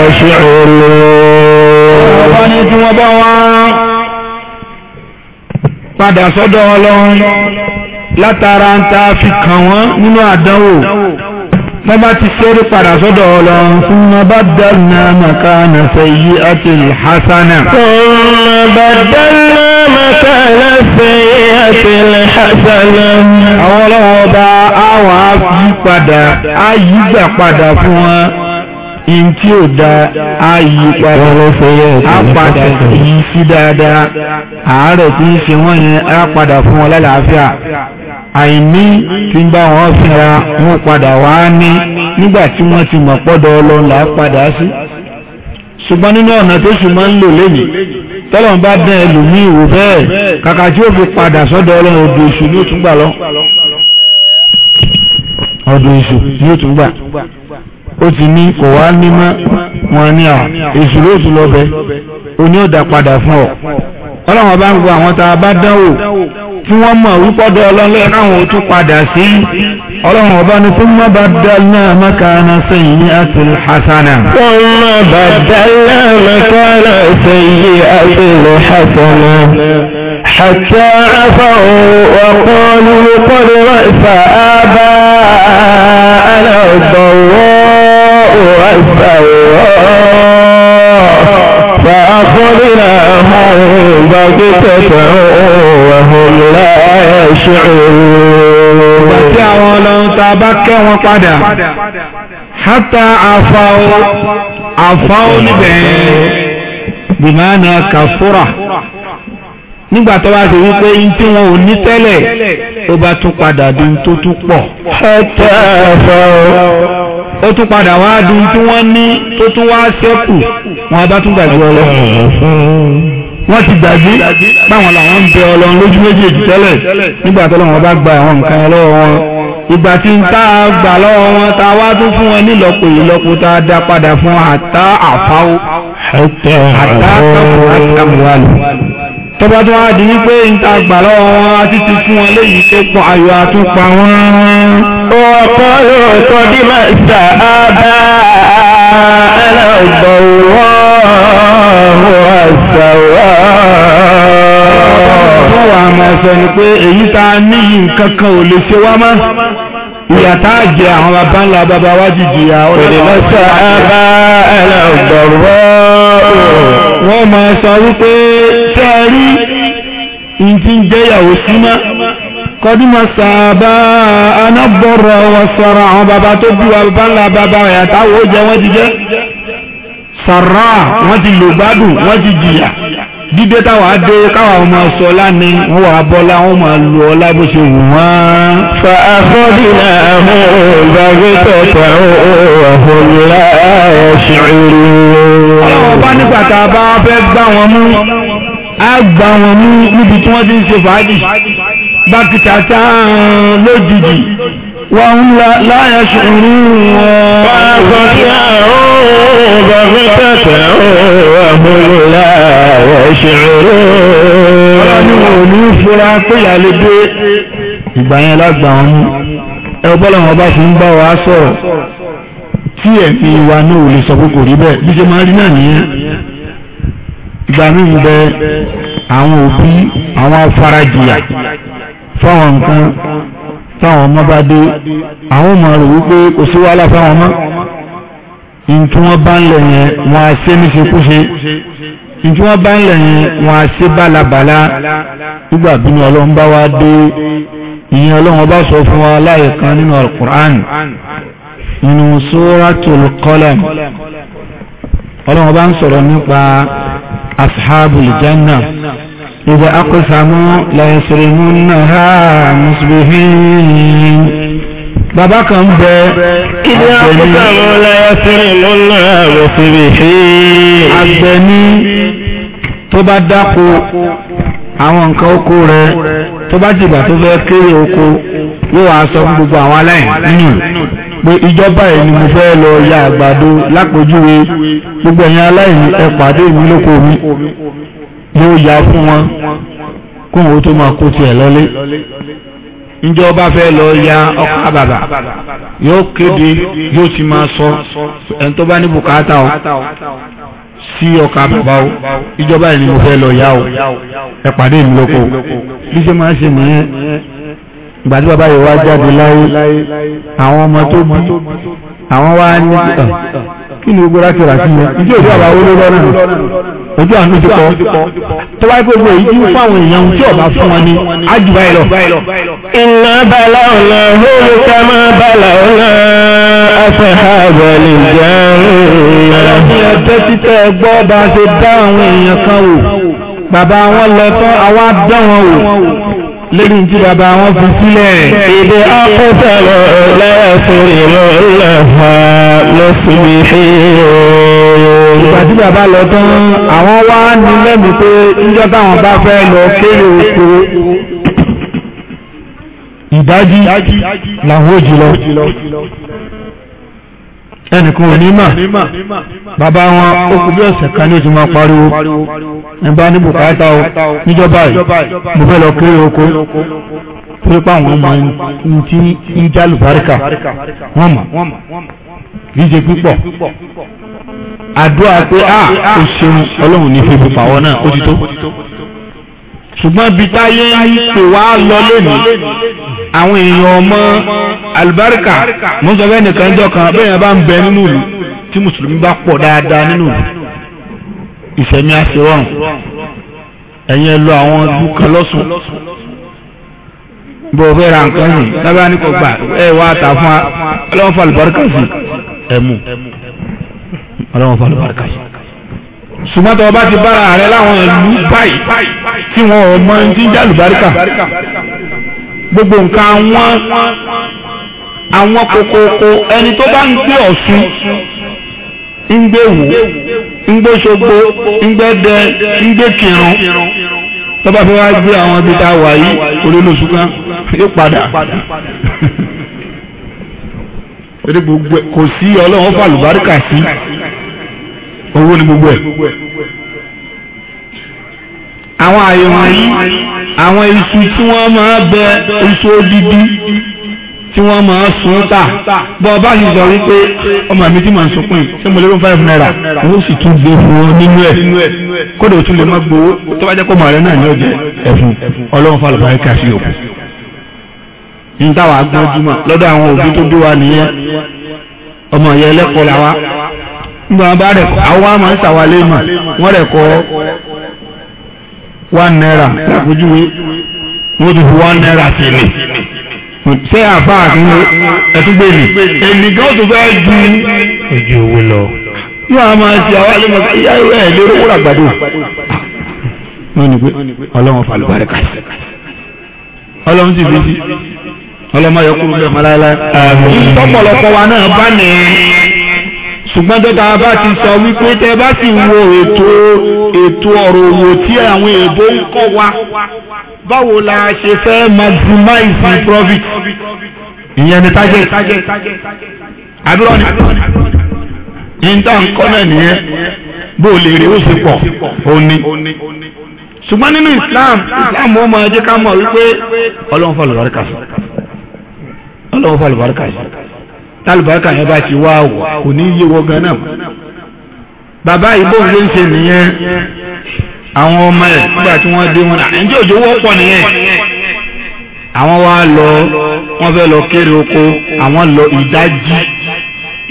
A: يشعرون padà sọ́dọ̀ ọlọ́run látara ń ta fi kàn wọ́n nínú àdánwò wọ́n bá ti ṣẹ́rí padà sọ́dọ̀ ọlọ. Ṣùgbọ́n bá dáná makana sẹ́yí àti ìhásánà. Ṣùgbọ́n bá dáná makana sẹ́yí àti ìhásánà. Àwọn ọlọ́wọ́ bá àwọn yí padà, á yí gbà padà fún wọn. In tí ò da ààyè padà á padà sí dáadáa, àárẹ̀ tí ń ṣe wọ́n yẹn á fún wọn lálàáfíà. àìní tí ń bá wọn fínra wọn padà wá ní nígbà tí wọ́n ti mọ̀ pọ́dọ̀ padà sí ṣùgbọ́n nínú ọ̀nà tó sì máa ń lò lénìí tọ́lọ̀n bá dán ẹlòmíì wò bẹ́ẹ̀ kàkà tí ó fi padà sọ́dọ̀ ọlọ́run èṣù lọ èṣù ti ní kò wá ní mọ́ wọn ní à èṣù ló tún lọ bẹ ọ tí wọ́n mọ̀ wípọ́dọ̀ ọlọ́lẹ́ náà tún padà sí ọlọ́run ọba ni fún mọ́ bá dálná makana sẹ́yìn àti hasana. fún mọ́ bá dálná makana sẹ́yìn àti hasana.
B: حتى عفوا وقالوا قد رأس آباءنا الضراء والسراء فأخذناهم بغتة وهم لا يشعرون Bàtí
A: àwọn ọlọ́run ta bá kẹ́ wọn padà,
B: hátà àfáwọ́, àfáwọ́ níbẹ̀
A: bìmánà kàfúrà. Nígbà tó bá ti wípé in tí wọn ò ní tẹ́lẹ̀, ó bá tún padà di tó tún pọ̀. Hátà àfáwọ́ ó tún padà wá dùn tí wọ́n ní tó tún wá ṣẹ́kù wọn bá tún gbàgbé ọlọ́run wọ́n ti gbàgbé báwọn làwọn ń bẹ ọlọ́run lójú méjèèjì tẹ́lẹ̀ nígbà tó lọ́wọ́ bá gba àwọn nǹkan yẹn lọ́wọ́ wọn ìgbà tí ń tá a gbà lọ́wọ́ wọn tá a wá tún fún wọn nílọ́pọ̀ ìlọ́pọ̀ tá a dá padà fún àtá àfáwò àtá àtàkùn àti àmúwálò tọba tó wá di wípé ń ta gbà lọ́wọ́ wọn àti ti fún wọn léyìí ké pọ̀ ayọ̀ àtúpa wọn. ọkọ yóò tọ́ dí máa ń sà á
B: bá ẹlẹ́gbọ̀n wọn láwá.
A: Wọ́n wà máa sọ ni pé èyí tá a ní yìí nǹkan kan ò lè ṣe wá mọ́. Ìyà tá a jẹ àwọn bàbá ńlá bàbá wa jìjì ya. Òdè lọ́sọ̀ àbá ẹlẹ́gbọ̀rọ̀. Wọ́n máa sọ wípé tẹ́ ẹ rí ìdí ń jẹ́ ìyàwó síná. Kọ́dúnmọ̀ sàbá anábọ̀rọ̀ wọ̀ sọ̀rọ̀ àwọn bàbá tó bí wa bàbá ńlá bàbá ìyà táwọn ó wọ́n jíjẹ́ sàrà wọ́n ti lò gbádùn wọ́n ti jìyà dídé táwa dé káwa ọmọ sọlá ni wọ́n wà bọ́lá wọ́n máa lu ọlá bó ṣe wù wọ́n. fa àfọ́dínà àwọn ògbàgbé tọ̀tọ̀ òhùnlá ẹ̀ṣẹ̀rẹ̀. ọlọ́wọ́ bá nígbà tá a bá fẹ́ gbá wọn mú á gbá wọn mú níbi tí wọ́n ti ń ṣe fàájì bákìtà tán lójijì wọ́n ń la láyà ṣòro wọn. fa àfọ́dínà àwọn. بغتة وهم لا يشعرون ọlọ́run ò ní fura péyà lè dé ìgbà yẹn lágbà wọn mú
B: ẹgbọ́n àwọn ọba fi ń bá wa sọ̀rọ̀
A: tí ẹ̀mí wa náà ò lè rí bẹ́ẹ̀ bí ṣe máa rí náà nìyẹn ìgbà míì ń bẹ àwọn òbí àwọn afarajìyà fáwọn nǹkan táwọn ọmọ bá dé àwọn ọmọ rò wípé kò sí wàhálà fáwọn ọmọ ntí wọ́n bá ń lẹ̀ yẹn wọ́n á ṣe níṣekúṣe ntí wọ́n bá ń lẹ̀ yẹn wọ́n á ṣe bálabàlá
B: nígbà bí ọlọ́run bá wá dé
A: ìyẹn ọlọ́run bá sọ fún wa láyé kan nínú alukur'an nínú suratul ọlọ́run bá ń sọ̀rọ̀ nípa ashabul janna idha aqsamu la yasrimunnaha musbihin bàbá kan ń bẹ ilé àkókò láyá sírì múnà àwòsíbì sí àgbẹ̀ ní tó bá dáko àwọn nǹkan oko rẹ̀ tó bá jìgbà tó fẹ́ kéré oko yóò wá sọ fún gbogbo àwọn aláìní pé ìjọba ẹ̀ ni mo fẹ́ lọ ya àgbàdo lápòjúwe
B: gbogbo ẹ̀yin aláìní ẹ pàdé mi lóko mi
A: yóò ya fún wọn kóhun tó máa kó tiẹ̀ lọ́lé njẹ́ ọba fẹ́ lọ ya ọkà bàbà yóò kéde yóò ti máa sọ ẹni tó bá ní bùkátà o sí ọkà bàbá o ìjọba yìí ni mo fẹ́ lọ ya o ẹ pàdé mi lóko bí ṣe máa ṣe nìyẹn ìgbà tí bàbá yìí wá jáde láyé àwọn ọmọ tó bí àwọn wá ní kí ni gbogbo láti rà sí yẹn ìjọ ìjọ àbá owó lọ́nà ojú àánú ti kọ́ tó bá gbogbo èyí ń fáwọn èèyàn tí ọba fún wọn ni á jù báyìí lọ. iná bala ọ̀nà hóun ká máa bala ọ̀nà afẹ́hàbọ̀ lè jẹun. ọlọ́run tẹ́tí tẹ́ ẹ gbọ́ bá a ṣe dá àwọn èèyàn kan wò bàbá wọn lọ tán àwa dán wọn wò lẹ́yìn tí bàbá wọn fi sílẹ̀. Ìdí akọ́sàlọ̀ lẹ́ẹ̀sùn ìmọ̀ ńlẹ̀fà lọ́sùnmí ṣe ìgbà tí bàbá lọ tán àwọn wá ní lẹ́mí pé níjọ́ táwọn bá fẹ́ lọ kéré oko
B: ìdájí làwọn òjìlọ ẹnìkan ò ní mà bàbá wọn ó kú bí ọ̀sẹ̀ kan ní ó pariwo ẹgbà ní bùkátà o níjọba yìí mo fẹ́ lọ kéré oko pé páwọn ọmọ ní tí ń já lùbáríkà wọ́n mọ̀ kì í ṣe púpọ̀ àdúrà pé a ò ṣeun ọlọ́run ní fi bùpà wọn náà ó ti tó
A: ṣùgbọ́n bí táyé ń pè wá lọ lónìí àwọn èèyàn ọmọ alùbáríkà mọ́sọ̀fẹ́ nìkan jọ kan bẹ́ẹ̀ bá ń bẹ nínú ìlú tí mùsùlùmí bá pọ̀ dáadáa nínú ìlú
B: ìsẹ̀mí àṣírọ̀rùn
A: ẹ̀yin ẹ lọ àwọn ojú kan lọ́sùn bó fẹ́ ra nǹkan yìí lábẹ́ àníkọ̀ gbà ẹ wá ta fún wa ọlọ́wọ́n fa àlùbáríkà sí ẹ mú ọlọ́wọ́n fa àlùbáríkà sí. ṣùgbọ́n tó o bá ti bára rẹ láwọn ìlú báyìí tí wọn ò mọ ní ti ń jẹ́ àlùbáríkà
B: gbogbo nǹkan wọn
A: àwọn kokoko ẹni tó bá ń gbé ọ̀ṣun ń gbé wò ńgbóṣogbo ńgbẹ́dẹ ńgbẹ́kìrún tọ́ba fẹ́ wá gbé àwọn ibi tá a wà yìí olólùsùn kan yóò padà torí gbogbo kò sí ọlọ́run fà lùbáríkà sí owó ni gbogbo ẹ̀ àwọn àyè wọ̀nyí àwọn iṣu tí wọ́n máa bẹ iṣu odidi. tí wọ́n máa sun tà bọ́ ọba sì sọ wípé ọmọ mi tí màá sunkún yìí ṣé mo lè rún five naira owó sì tún gbé fún ọ nínú ẹ̀ kódà tún lè má gbowó tó bá jẹ́ kó màá rẹ náà ní ọ̀jẹ̀ ẹ̀fún ọlọ́run wa nìyẹn
B: ọmọ ẹlẹ́kọ̀ọ́ làwa
A: nígbà wọn bá rẹ̀ àwọn ń sàwálé mà wọ́n rẹ̀ kọ́ one naira wọ́n
B: ti fi one naira sí ni. ṣé àfa àtúnwó ẹtúgbèmí ẹnìkan tó fẹ́ ju ojú owó lọ yóò
A: a máa ṣe àwọn àlejò ìyá ìwé ẹ̀ lórí owó àgbàdo wọ́n ní pé ọlọ́run fàlùbárẹ̀ kà sí ọlọ́run sì fi sí ọlọ́run ayọ̀ kúrò bẹ́ẹ̀ máláyáláyá. tọ́pọ̀lọpọ̀ wa náà bá ní ṣùgbọ́n dọ́ta bá ti sọ wípé tẹ́ bá sì wo ètò ètò ọ̀rọ̀ òwò tí àwọn èèbó ń kọ́ wa báwo la ṣe fẹ́ maximize profit ìyẹn ni target àbúrò ni yínká nǹkan náà nìyẹn bó o lè rí ó sì pọ̀ òní ṣùgbọ́n nínú Islam Islam ó máa jẹ́ ká mọ̀ wípé ọlọ́run fà lùbáríkà sí ọlọ́run fà lùbáríkà sí tálùbáríkà yẹn bá ti wá wọ̀ kò ní yíwọ́ gan náà bàbá ìbò ń ṣe nìyẹn àwọn ọmọ rẹ̀ nígbà tí wọ́n dé wọn náà ǹjẹ́ òjò wọ́pọ̀ nìyẹn àwọn wa lọ wọ́n fẹ́ lọ kéré oko àwọn lọ ìdájí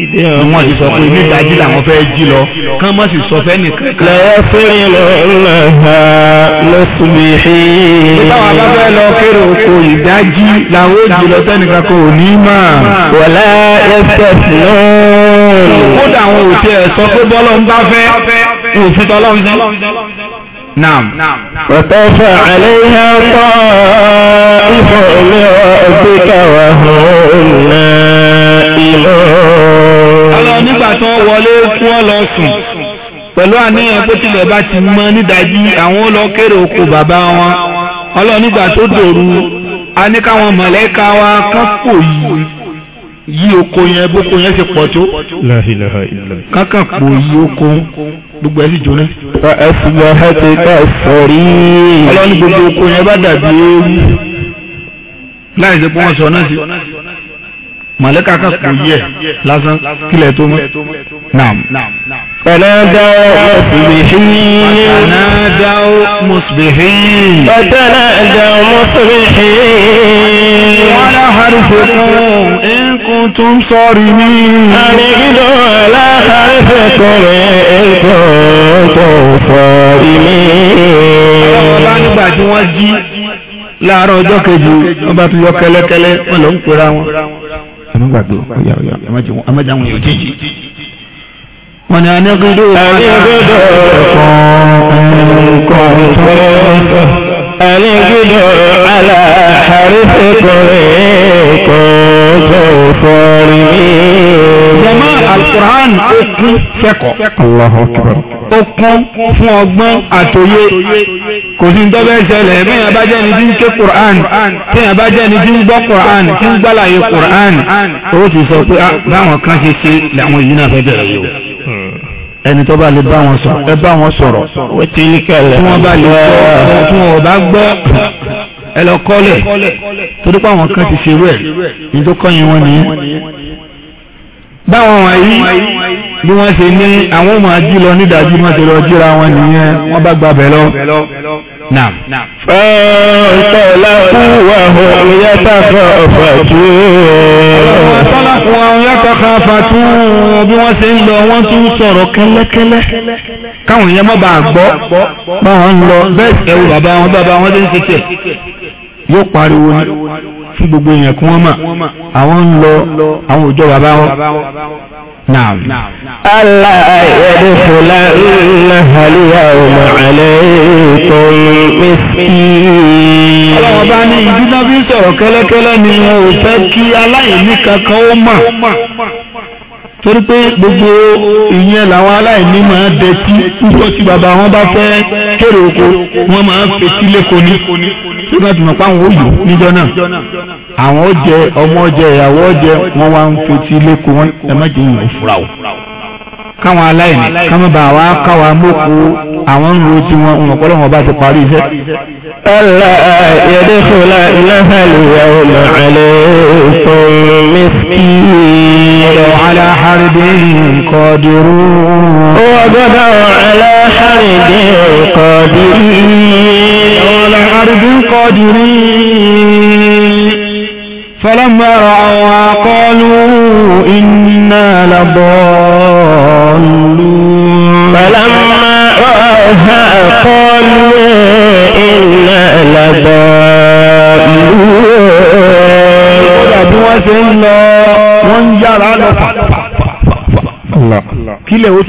A: ìdí ọ̀hún wọ́n ti sọ pé nígbàjí làwọn fẹ́ jí lọ kán mọ́ sì sọ fẹ́ nìkan. lọ́wọ́ fẹ́rin lọ́la lọ́sùnmí ṣe. báwa bá fẹ́ lọ kéré oko ìdájí làwọn ò jí lọ sẹ́nìkan kan ò ní mà. wọ́lá ẹsẹ̀ náà. kódà àwọn òṣèré sọ pé bọ́lọ́ ń bá fẹ́ òfin tọ́lọ́
B: نعم وطاف
A: عليها طائف من ربك وهم نائمون ọlọ nígbà tó wọlé kú ọlọ sùn pẹ̀lú àníyàn bó tilẹ̀ bá ti mọ́ nídàájí àwọn olókèrè oko bàbá wọn ọlọ nígbà tó dòru a ní káwọn mọ̀lẹ́ka wa kán yìí yí oko yẹn bóko yẹn ṣe pọ̀ tó. kákà pò yí oko gbogbo ẹ sì jóná. ká ẹ sì lọ ẹ ti ká ẹ sọrí. ọlọ́run gbogbo oko yẹn bá dàbí ewu. láì ṣe pé wọ́n sọ náà sí. màlẹ́kà kà pò yí ẹ̀ lásán kílẹ̀ tó mọ́. naam. فتنادوا مصبحين فتنادوا مصبحين فتنادوا مصبحين ولا حرفكم إن كنتم صارمين أنقلوا لا
B: حرفكم
A: إن كنتم صارمين ọlọ́pàá nígbà tí wọ́n jí
B: láàárọ̀ ọjọ́ kejì wọ́n bá tún yọ kẹ́lẹ́kẹ́lẹ́ wọ́n lọ ń pera wọn.
A: ẹ má gbàgbé ọ̀yà ọ̀yà ẹ má jẹun ẹ má jẹun ẹ ò jíjì wọ́n ni a ní gídó Àlégídò aláàrífẹ́ kọ̀rẹ́ kọ̀ọ̀tọ̀ fọ́rí ní. Jẹ́mọ́ Al-Qur'an ó kún fẹ́kọ̀ọ́. Allahu Akbar. Ó kún fún ọgbọ́n àtòyé. Kò sí dọ́bẹ̀ ṣẹlẹ̀ mẹ́yàn bá jẹ́ ni tí ń ké Qur'an, mẹ́yàn bá jẹ́ ni tí ń gbọ́ Qur'an, tí ń gbálàyé Qur'an. Ó ti sọ pé báwọn kan ṣe ṣe làwọn ìlú náà fẹ́ bẹ̀rẹ̀ yìí ẹni tó bá lè bá wọn sọ̀rọ̀ ẹ bá wọn sọ̀rọ̀ tí wọ́n bá lè gbọ́ tí wọ́n bá gbọ́ ẹ lọ kọ́lẹ̀ torí pé àwọn kan ti ṣe rẹ̀ ní tó kọ́yìn wọn nìyẹn. báwọn wọ̀nyí bí wọ́n ṣe ní àwọn ọmọ ajílọ nídàájú wọ́n ṣe lọ jíra wọn nìyẹn wọ́n bá gbàbẹ̀ lọ. نعم
B: فانطلقوا وهم يتخافتون فانطلقوا وهم
A: يتخافتون bí wọ́n ṣe ń lọ wọ́n tún sọ̀rọ̀ kẹ́lẹ́kẹ́lẹ́ káwọn èèyàn gbọ́ bá lọ bẹ́ẹ̀ wọn bàbá wọn ṣe ń ṣiṣẹ́ yóò pariwo fún gbogbo èèyàn kí wọ́n mà àwọn ń lọ àwọn bàbá wọn. kẹ́lẹ́kẹ́lẹ́ ni wọn ò fẹ́ kí aláìní kankan ó mà torí pé gbogbo ìyẹn làwọn aláìní máa dẹtí púpọ̀ tí bàbá wọn bá fẹ́ kéré oko wọn máa ń fetí lẹ́kọ̀ọ́ ní tí wọ́n ti mọ̀ pé àwọn òyò níjọ́ náà àwọn ó jẹ ọmọ ó jẹ ìyàwó ó jẹ wọn wá ń fetí lẹ́kọ̀ọ́ wọn ẹ má jẹ́ ìwọ̀n fúra káwọn aláìní káwọn bá wá káwọn amókù àwọn ń ro tí wọn wọn pọ́lọ́wọ́n bá ti parí iṣẹ́. Ẹ̀la yẹ̀dẹ́ fúnla iláhà lèyà ọmọ ẹ̀lẹ́ tó mẹ́sìkì ọ̀dọ̀ aláhàrídé Ó wà gbọ́dọ̀ aláhàrídé kọ̀dìrú.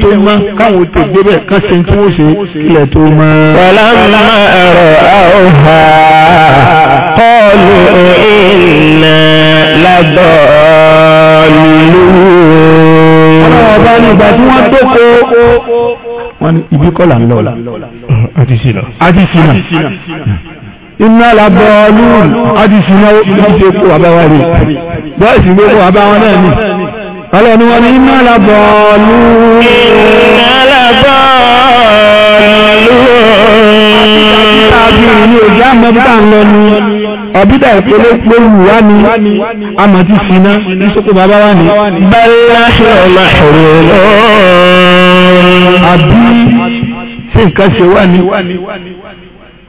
A: tó mọ́ káwọn ò tètè bẹ́ẹ̀ kán ṣe tí wọ́n ṣe ilẹ̀ tó mọ́. wàlámà ẹ̀rọ àwòhà kọlù ìlà lábọ̀ọ́lù. ọlọ́ọ̀bá nígbà tí wọ́n dóko wọ́n ní ibi kọ́là ń lọ. àti sinà. àti sinà iná làbọ̀ọ́lù àti sinà ó ti ṣe kó àbáwá rè bọ́ọ̀sì gbogbo àbáwá náà ni ọlọ́ni wọn ni iná làbọ̀ọ̀lú iná
B: làbọ̀ọ̀lú
A: àti ìlú òjá mọ́bítà ń lọ ní ọ̀bídà ìpele pẹ̀lú wá ní àmà ti síná ní sókò bàbá wá ní àbí
B: tí nǹkan ṣe wá ní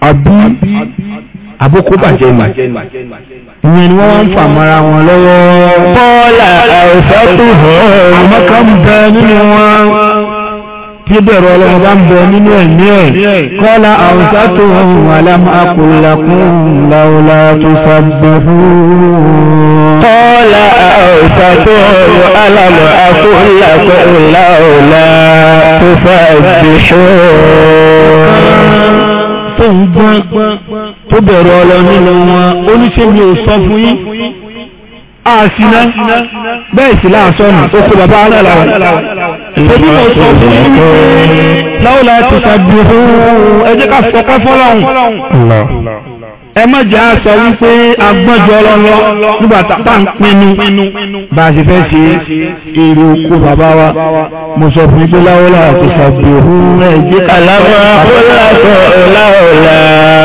B: àbí àbókó bàjẹ́ ìmà
A: ìyẹn ni wọ́n wá ń fàmọ́ra wọn lọ́wọ́. bọ́ọ̀lá àìsàn tó hàn án. àmọ́ kan bẹ nínú wọn tí bẹ̀rọ ọlọ́run bá ń bọ nínú ẹ̀mí ẹ̀ kọ́lá àwùsá tó hùn alámọ́ akùnlákùn láúlá tó
B: sàgbẹ̀hù kọ́lá àwùsá tó hùn alámọ́
A: akùnlákùn láúlá tó sàgbẹ̀hù tó bẹ̀rù ọlọ́run nínú wọn oníṣẹ́mi ò sọ fún yín àṣìná bẹ́ẹ̀ sì láàṣọ́nù ó kó bàbá ara rà wọ́n.
B: Ṣébí mo sọ fún yín
A: wípé láwùlá ti ṣàbí fún ẹ ká sọ ká fọ́lọ́hùn. Ẹ má jẹ́ á wípé agbọ́njọ ọlọ́lọ́ nígbà tá ń pinnu bá a ṣe fẹ́ ṣe èrè oko bàbá wa.
B: Mo sọ fún pé láwùlá
A: ti ṣàbí fún ẹ jẹ́ ká láwùlá tó láwùlá.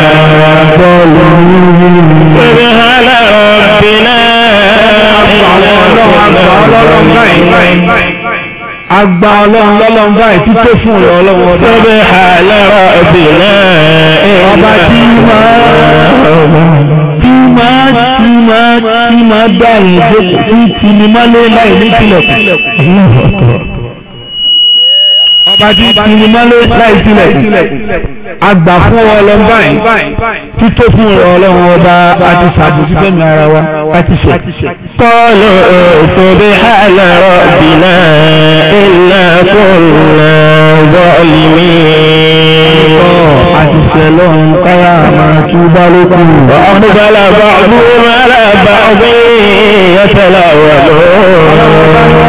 A: Agba ọlọ́run lọ́lọ́run báyìí tí tó fún rẹ̀ ọlọ́run ọdún. Tọ́bẹ̀ àlọ́rọ̀ ọ̀bẹ̀ náà. Ọba tí máa tí máa tí máa tí máa dá ìjókòó tí ti ní máa lé láì ní tilẹ̀kùn. Ọba tí ti ní máa lé láì tilẹ̀kùn
B: àgbà fún ọlọ́run báyìí
A: tító fún ọlọ́run ọba àti sàbùkù fẹ́mi ara wa àti ṣe. kọ́lù òfòbí àlọ́rọ̀ bìnà ìlà kùnà bọ́ọ̀lìmí. àti sẹlọ́run káyà máa tú bá lókun. bá ọdún mọ́lá bá ọdún yẹtẹ̀lá wà lọ́wọ́.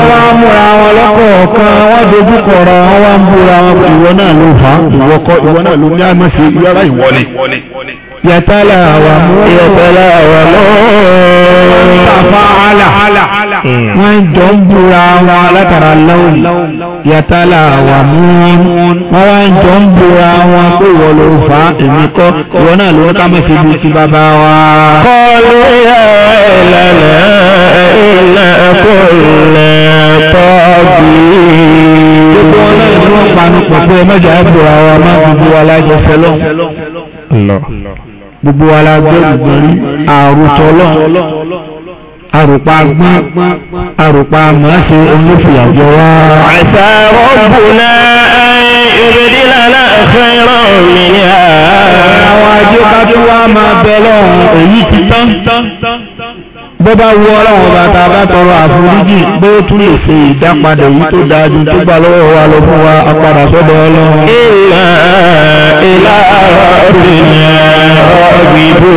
A: wọ́n múra wọn lọ́kọ̀ọ̀kan wọ́n dojú kọ̀ọ̀rọ̀ wọn búra wọn kìwọ́ náà àkọ́kọ́ ìwọ náà ló ní àmọ́ sí yàrá ìwọlé. yàtàlà wà mú. yàtàlà wà
B: mú. tàfàlà. Hmm.
A: wọ́n jọ ń búra wọn látara lọ́wọ́. yàtàlà wà mú. wọ́n wá jọ ń búra wọn pé ìwọ ló fà á èmi kọ́ ìwọ náà ló ká mọ̀ sí ibi tí bàbá wa. kọ́lé ẹ̀ẹ́dẹ̀lẹ̀ ẹ̀ẹ́dẹ̀lẹ̀ kò lè tọ́jú panu pọ̀ pé ẹ mẹ́jọ ẹ bùra wa máa gbogbo wa lájọ fẹ́lọ́ gbogbo wa la gbé ìgbọ̀n rí àròtọ́ lọ́n àròpá gbọ́n àròpá mọ́ṣe olófìyàjọ wá. àṣà rọ́bùnà ìrìndínlára khayran minha. àwọn ajé bá tún máa bẹ èyí ti tán bọ́bá wọ ọlọ́run bá ta bá tọrọ àforíjì bó tún lè ṣe ìdápadà yìí tó dájú tó gbà lọ́wọ́ wa lọ fún wa apadà sọ́dọ̀ ọlọ́run. ìlà ìlà
B: ọ̀rìnà ọ̀gbìnbó.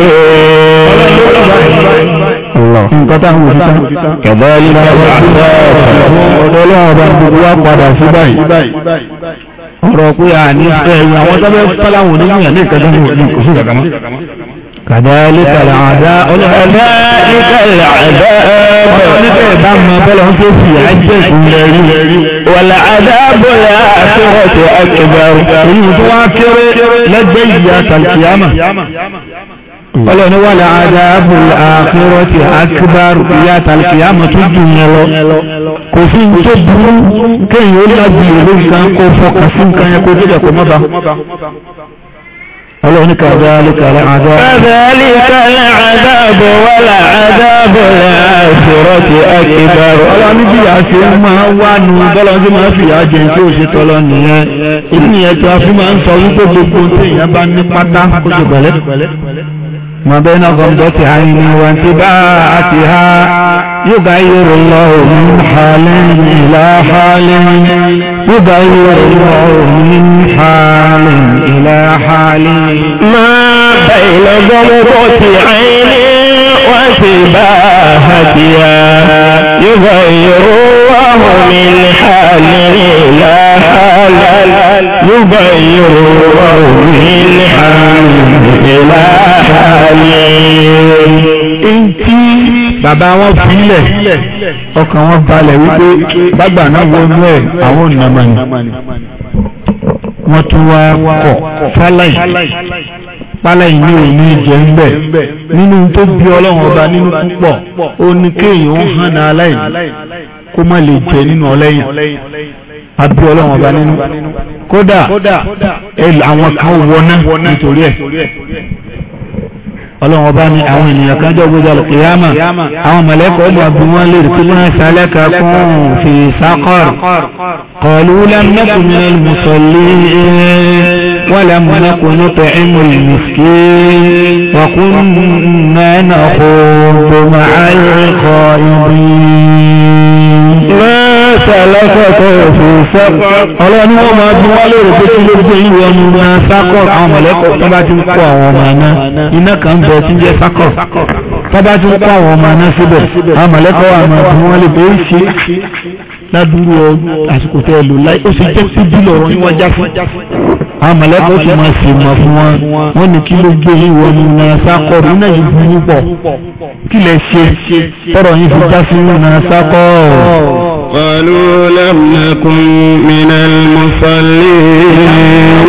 A: nǹkan táwọn òṣìṣẹ́ kẹ̀dọ́ ilé ọ̀rọ̀ ọ̀dọ́ ọlọ́run bá gbogbo wa padà sí báyìí ọ̀rọ̀ pé àní ẹ̀rù àwọn sábẹ́ fáláwọn onímọ̀ yẹn ní ìkẹ́jọ́ ní òṣìṣẹ́ kàkàmọ́. كذلك العذاب كذلك العذاب والعذاب الآخرة أكبر المتواكر لديك القيامة Ọlọ́run ni wà láàdáàbò àkírọ́tì akíbárù ìyáta alkiyama tó jùnyẹ lọ. Kò sí ń tó burú kéyìn ó lábìyàn lórí kan kó fọkà sí nǹkan ẹkọ́ jẹ́jẹ̀ kò mọ́ba ọlọ́run kàdálíkà láàdá kàdálíkà láàdá bọ̀ wà láàdá bọ̀ láàṣọ́rọ̀ tí a kì í dárò ọlọ́run bí a ṣe máa wà nù bọ́lọ́n tí máa fìyà jẹ tí ó ṣe tọ́lọ nìyẹn
B: ìní ẹ̀tọ́ a fi máa ń sọ wípé gbogbo tí èèyàn bá ní
A: pátá ó ṣe pẹ̀lẹ́ ما بين غمضة عين وانتباعتها يغير الله من حال إلى حال يبلغه من حال إلى حال ما بين ضمرة عين وسباهتها يغير الله من حال إلى حال يغير bàbá wọn fi ilẹ̀ ọkàn wọn balẹ̀ wípé bàbá náà wọnú ẹ̀ àwọn ònàmọ̀nì wọ́n tún wá kọ̀ fáláì fáláì ní òní ìjẹ́ ń bẹ̀ nínú tó bí ọlọ́run ọba nínú púpọ̀ ó ní kéèyàn ó hànà aláìní
B: kó má lè jẹ nínú ọlẹ́yìn
A: àbí ọlọ́run ọba nínú
B: kódà àwọn kan wọná nítorí ẹ̀.
A: ọlọ́run ọba ní àwọn ènìyàn kan jọ gbogbo alùkìyàmà àwọn mọ̀lẹ́kọ̀ ọmọ ọdún wọn lè rí wọn sálẹ́kà kún fi sákọ̀rọ̀ kọlu lẹ́mẹ́kùn ní mùsọ̀lì ولمنكن نطعم المسكين وكنا نخوض مع الخائضين sẹ́lẹ́sẹ̀kọ̀ òfin sẹ́kọ̀ ọlọ́ni wọ́n máa bí wọ́n lè rò pé kí ló gbé ìwé ọmọ náà sákọ̀ àwọn mọ̀lẹ́kọ̀ tó bá ti ń kó àwọn ọmọ náà iná kan ń bẹ tí ń jẹ́ sákọ̀ tó bá ti ń kó àwọn ọmọ náà síbẹ̀ àwọn mọ̀lẹ́kọ̀ wà máa bí wọ́n lè pé ń ṣe ládùúgbò àsìkò tẹ́ lò láì ó sì jẹ́ sí bílọ̀ ọ̀rọ̀ ni wọ́n já fún àwọn mọ̀lẹ́kọ̀ tó máa sì mọ̀ fún wọn wọ́n ní kí ló gbé ìwọ ọmọ náà sákọ̀ ọ̀rọ̀ náà yìí burú pọ̀ kí lẹ ṣe tọrọ yìí fi já sí ìwọ náà sákọ̀ ọ̀rọ̀ قالوا لم نكن من المصلين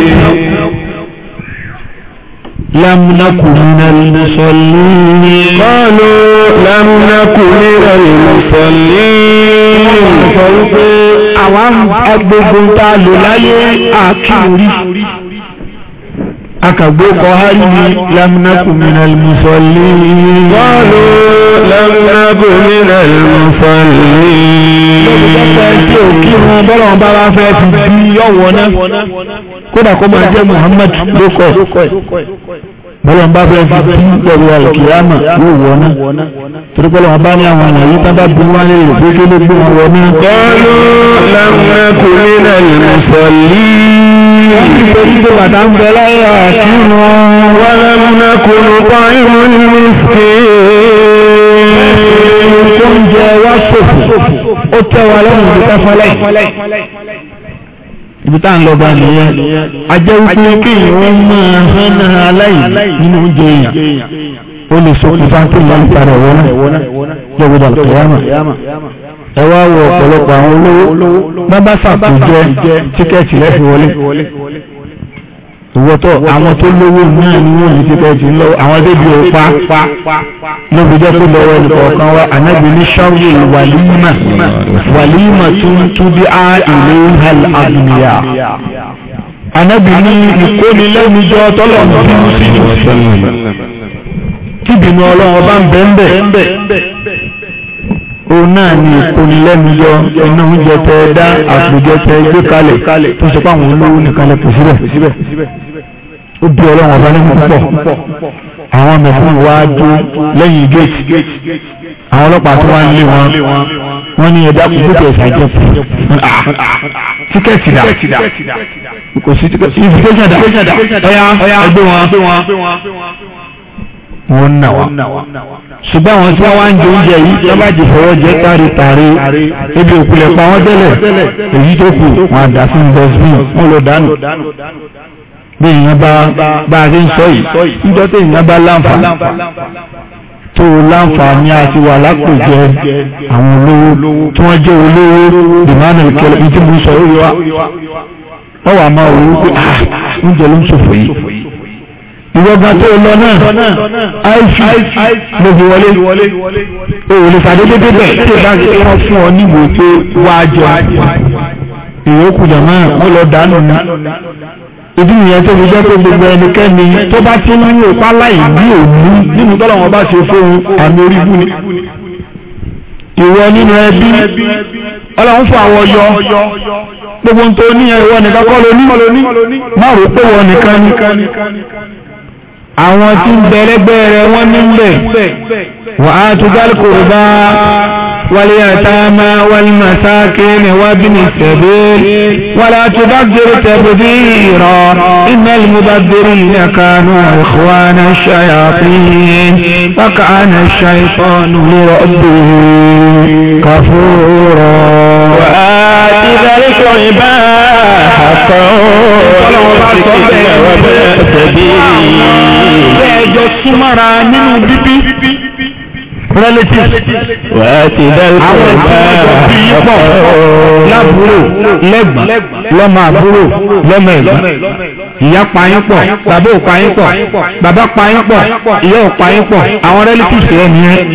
A: لم نكن من المصلين قالوا لم نكن من المصلين أوام أبو بنتالو لاي أكيد akàgbó kọ hálì lámúnákù mìíràn mùsọ̀lì wọ́lú lámúnákù mìíràn mùsọ̀lì lọ́pọ̀lọpọ̀ tí ò kí wọn bọ́lọ̀ bá wá fẹ́ fi bí yọ̀wọ̀ náà
B: kódà kó máa jẹ́ Muhammad lókọ̀ bọ́lọ̀ bá fẹ́ fi bí pẹ̀lú alìkìyàmà yóò wọ̀ náà
A: torí pẹ̀lú àbá ní àwọn àyàyí tábà bí wọ́n lè rè pé kí ló gbé wọn wọ̀ náà. kọ́lù lámúnákù mìíràn mùsọ̀lì Ìgbésígbò bàtà ń bẹ láyé àkínú. Wọ́n lẹ́múná kò ló pa ìmú ní Mísìkì. Oúnjẹ wá ṣòfò, lọ bá nìyẹn. A jẹ́ wípé kéèyàn wọ́n máa hánà aláìní nínú oúnjẹ èèyàn. Ó lè ṣokùnfà tó máa ń parẹ̀ náà. Lọ́gbọ̀dọ̀ àlùkò yàmà
B: ẹ wá wo ọ̀pọ̀lọpọ̀ àwọn olówó bábá sàkójẹ tíkẹ́ẹ̀tì lẹ́fi wọlé
A: ìwọ́tọ̀ àwọn tó lówó náà ni wọ́n ní tíkẹ́ẹ̀tì ńlọ àwọn débi òpa lóbi jẹ́ pé lọ́wọ́ ẹnìkọ̀ọ̀kan wa ànábì ní ṣáwé wàlímà wàlímà tó ń túbí á ìlú hal abdulmiya ànábì ní ìkónilẹ́nujọ́ tọ́lọ̀ ń bínú sí kíbinú ọlọ́run ọba ń bẹ́ẹ̀ òun náà ni ìponilẹ́nuyọ iná oúnjẹ tẹ dá àpòjọ tẹ gbé kalẹ̀ tó ṣe pé àwọn olówó nìkan lè kù síbẹ̀
B: ó bí ọlọ́run ọba nínú púpọ̀ àwọn mẹ̀fún wa dó lẹ́yìn géètì àwọn ọlọ́pàá tó wá ń lé wọn wọ́n ní ẹ̀dá kúkú tẹ̀ ṣàjẹ́ fún ah, tíkẹ́ẹ̀tì dà kò sí tíkẹ́ẹ̀tì dà ọ̀yá ẹgbẹ́
A: wọn wọ́n nà ṣùgbọ́n àwọn tí wọ́n wá ń jẹ oúnjẹ yìí tí wọ́n bá jẹ fọwọ́ jẹ tààrí-tààrí
B: ebi òkulẹ̀ pa wọ́n tẹ́lẹ̀ èyí tó kù wọn àdá sí bọ́sbí wọn lọ dànù
A: bí ìyẹn bá bá a ṣe ń sọ yìí níjọ́ tí ìyẹn bá láǹfààní tó láǹfààní àti wà lápòjẹ àwọn olówó tí wọ́n jẹ́ olówó dìmánà ìkẹlẹ̀ bí tí wọ́n wà máa wò ó pé ah, oúnjẹ ló ń ṣòfò yìí ìwọ́gbà tó lọ náà àìsí gbogbo wọlé òun lè sàdédé tí ìbá ti kọ́ fún ọ níbo tó wá jọ ìyókù jàmá wọn lọ dànù ní ìdí nìyẹn tó fi jẹ́ pé gbogbo ẹnikẹ́ni tó bá ti ń ní òpá láì ní òní nínú tọ́lọ́wọ́n bá ṣe fóun àmì orí ni ìwọ nínú ẹbí
B: ọlọ́run fún àwọn ọyọ
A: gbogbo ń ẹ̀wọ́ nìkan kọ́ lóní má rò pé wọ́n nìkan ni àwọn tí ń bẹ̀lẹ́gbẹ́ rẹ̀ wọ́n ní bẹ̀ wà á tó dálkòrò bá wàlé àtàmà wàlé màsáàkì ní wà bí ní tẹ̀bẹ̀ wà látò dágbèrè tẹ̀bẹ̀ ìrọ̀ ìmẹ́lì mú bá bèrè ìlẹ́kàánú àìkúwánà ṣàyàfihìn bákàánà ṣàìfọ́nù lọ́rọ̀ ọ̀bẹ̀rẹ̀ kàfúrọ̀ wà á ti dálkòrò bá àtọ́ ìṣèkìlẹ̀ ọ̀bẹ ṣẹ̀bí. bẹ́ẹ̀ jọ súnmọ́ra nínú bíbí relatives àwọn ìgbìmọ̀ bí yípo lábúrò lẹ́gbà lọ́mọ àbúrò lọ́mọ ẹ̀gbà ìyá payín pọ̀ bàbá ò payín pọ̀ bàbá payín pọ̀ ìyá ò payín pọ̀ àwọn relatives rẹ̀ nìyẹn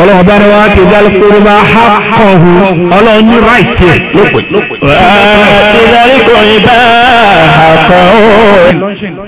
A: ọlọ́run bá ní wá ti dálé kóró bá há kọ̀ hu ọlọ́run ní ráìtì ẹ̀ lópin. wàá ti darí kò ní bá àkọ́ òun.